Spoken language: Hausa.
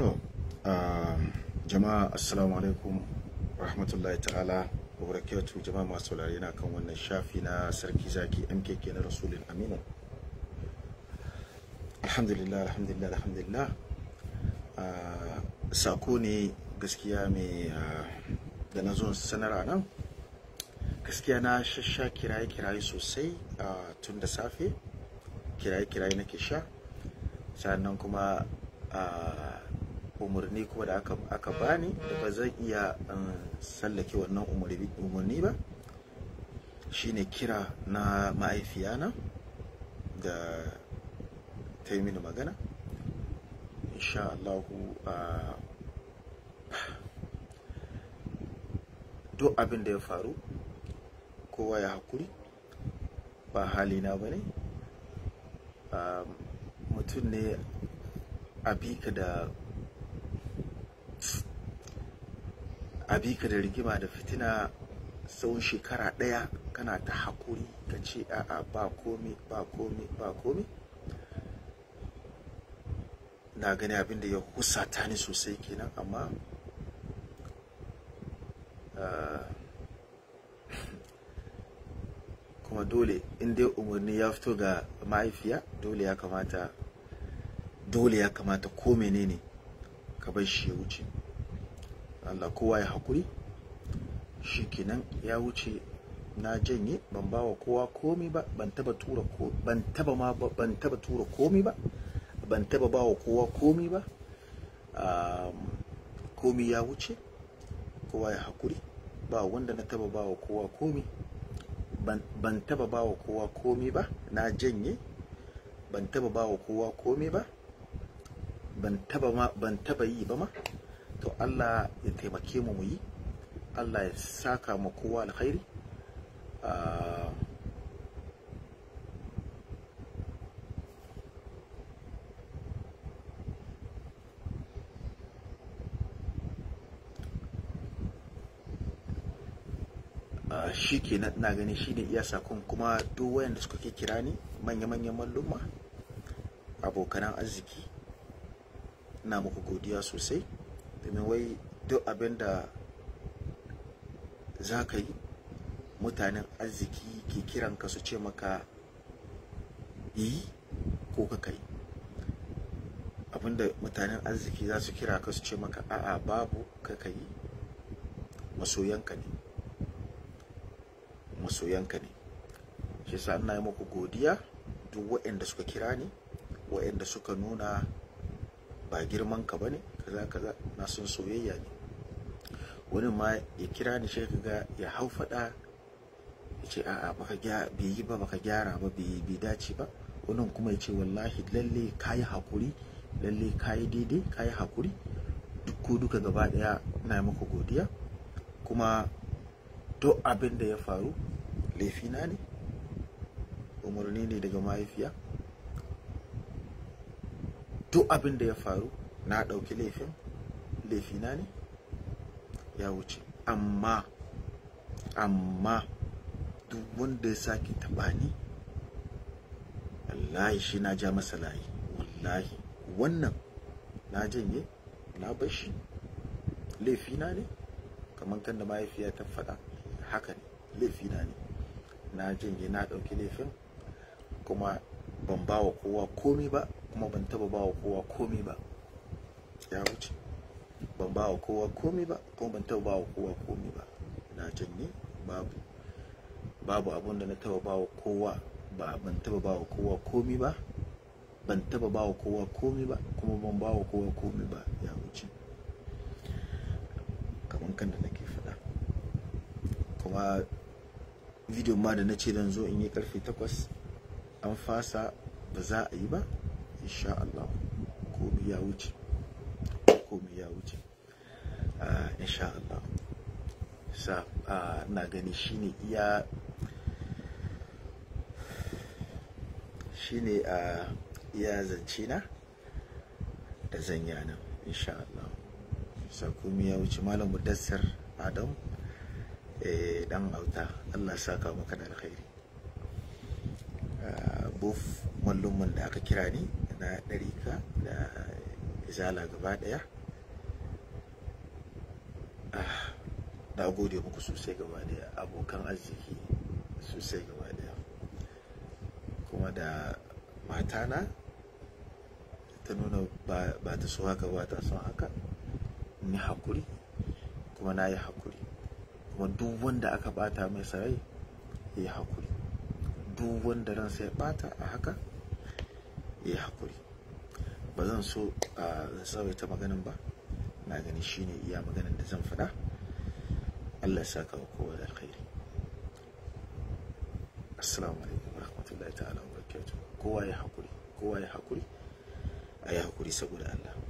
to um, jama'a assalamu alaikum rahmatullahi ta'ala wa barakatu jama'a masu saurare na kan wannan shafi na sarki zaki mkk na rasulun aminu alhamdulillah alhamdulillah alhamdulillah uh, sako ne gaskiya mai uh, da na zo sanar nan gaskiya na shasha kiraye kiraye sosai uh, tun da safe kiraye kiraye nake sha sannan kuma umarni kuma da aka bani da ba zan iya um, sallake wannan umarni ba shine kira na ma'aifiyana da ta yi mini magana insha Allahu duk abin da ya faru kowa ya hakuri ba halina ba ne um, mutum ne a bi da a bika da rigima da fitina tsawon shekara ɗaya kana ta haƙuri ka ce a'a ba komi ba komi ba komi na gani abin da ya husata ni sosai kenan amma ah, kuma dole in dai umarni ya fito ga mahaifiya dole ya kamata dole ya kamata ko menene ka bar shi ya wuce Allah kowa ya hakuri shikenan ya wuce na janye ban bawa kowa komi ba ban taba tura ko ban taba ma ban taba tura komi ba ban taba bawa kowa komi ba komi ya wuce kowa ya hakuri ba wanda na taba bawa kowa komi ban taba bawa kowa komi ba na janye ban taba bawa kowa komi ba ban taba yi ba ma to Allah ya taimake mu muyi, Allah ya saka mu kowa alkhairi ah, ah, shi ke na gani shi ne iya sakon kuma duk da suka ke kira ni manya-manyan malluma abokanan arziki na muku godiya sosai domin wai duk abin da za ka yi mutanen arziki ke kiran ka su ce maka yi ko ka yi? abinda mutanen arziki za su kira ka su ce maka a'a babu ka yi. masoyanka ne masoyanka ne shi yasa ina yi muku godiya duk waɗanda suka kira ni waɗanda suka nuna ba girmanka ka ne. kaza kaza na son soyayya ne wani ma ya kira ni shi ga ya hau faɗa ya ce a'a baka gya, bai yi ba baka gyara ba bai dace ba wani kuma ya ce wallahi lalle kayi hakuri lalle kayi daidai kayi hakuri duk ko duka gaba daya na maka godiya kuma to abin da ya faru laifina ne umarni ne daga mahaifiya duk abin da ya faru na ɗauki laifin laifina ne ya wuce amma amma duk wanda ya sake taɓa ni wallahi shi na ja masa layi wallahi wannan na janye na bar shi laifina ne kamar kan da mahaifiya ta faɗa haka ne laifina ne na janye na ɗauki laifin kuma ban ba wa kowa komi ba kuma ban taɓa ba wa kowa komi ba ya wuce ban ba wa kowa komi ba kuma ban taɓa ba wa kowa komi ba na janye babu babu abun da na taɓa ba wa kowa ba ban taɓa ba wa kowa komi ba ban taɓa ba wa kowa komi ba kuma ban ba wa kowa komi ba ya wuce kamar kan da nake faɗa kuma video ma da na ce dan zo in yi karfe takwas an fasa ba za a yi ba insha Allah ko ya wuce komai ya wuce ah, insha Allah sa ah, na gani shine iya shine ah, a iya zance na da zanya nan insha Allah sa komai ya wuce malam mudassir Adam eh, dan auta Allah saka maka da alkhairi buf mallumin da aka kira ni na ɗarika da izala gaba ɗaya na gode muku sosai gaba daya abokan arziki sosai gaba daya kuma da matana ta nuna ba ta so haka ba ta son haka ni hakuri kuma na yi hakuri kuma duk wanda aka bata mai sarai ya yi hakuri duk wanda ransa ya bata a haka ya yi hakuri ba zan so a ah, tsawaita maganin ba na ganin shine iya maganin da zan faɗa Allah saka wa kowa da alkhairi assalamu alaikum rahmatullahi ta'ala wa barakatuh kowa ya hakuri kowa ya hakuri ayi hakuri saboda Allah